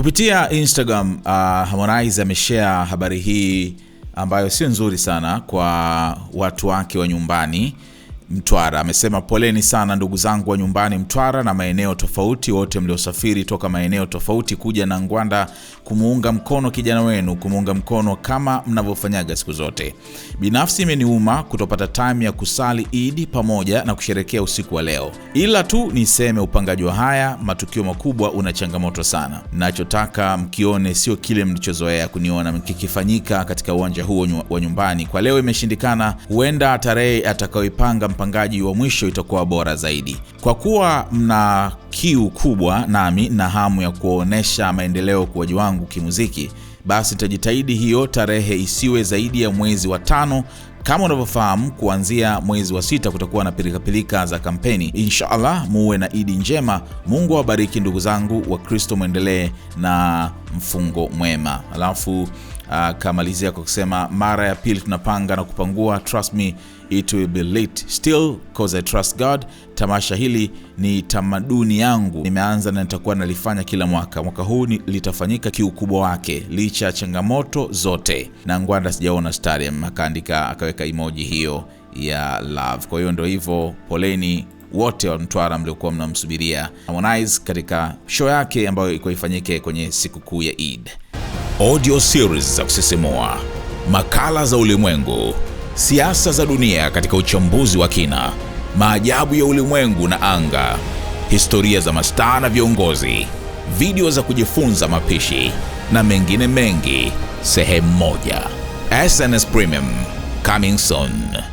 Kupitia Instagram uh, Harmonize ameshare habari hii ambayo sio nzuri sana kwa watu wake wa nyumbani. Mtwara amesema poleni sana ndugu zangu wa nyumbani Mtwara na maeneo tofauti, wote mliosafiri toka maeneo tofauti kuja na Ngwanda kumuunga mkono kijana wenu, kumuunga mkono kama mnavyofanyaga siku zote. Binafsi imeniuma kutopata time ya kusali Idi pamoja na kusherekea usiku wa leo, ila tu niseme upangaji wa haya matukio makubwa una changamoto sana. Nachotaka mkione sio kile mlichozoea kuniona mkikifanyika katika uwanja huo wa nyumbani. Kwa leo imeshindikana, huenda tarehe atakayoipanga upangaji wa mwisho itakuwa bora zaidi. Kwa kuwa mna kiu kubwa nami na hamu ya kuonyesha maendeleo ukuaji wangu kimuziki, basi nitajitahidi hiyo tarehe isiwe zaidi ya mwezi wa tano kama unavyofahamu, kuanzia mwezi wa sita kutakuwa na pilikapilika za kampeni. Inshallah, muwe na Idi njema. Mungu awabariki ndugu zangu wa Kristo, mwendelee na mfungo mwema. Alafu akamalizia ah, kwa kusema mara ya pili tunapanga na kupangua, trust me it will be still cause I trust God. Tamasha hili ni tamaduni yangu, nimeanza na nitakuwa nalifanya kila mwaka. Mwaka huu litafanyika kiukubwa wake licha ya changamoto zote, na ngwanda sijaona stadium, akaandika aka nikaweka emoji hiyo ya love. Kwa hiyo ndo hivyo, poleni wote wa Mtwara mliokuwa mnamsubiria Harmonize katika show yake ambayo ilikuwa ifanyike kwenye sikukuu ya Eid. Audio series za kusisimua, makala za ulimwengu, siasa za dunia katika uchambuzi wa kina, maajabu ya ulimwengu na anga, historia za mastaa na viongozi, video za kujifunza mapishi na mengine mengi, sehemu moja. SNS Premium coming soon.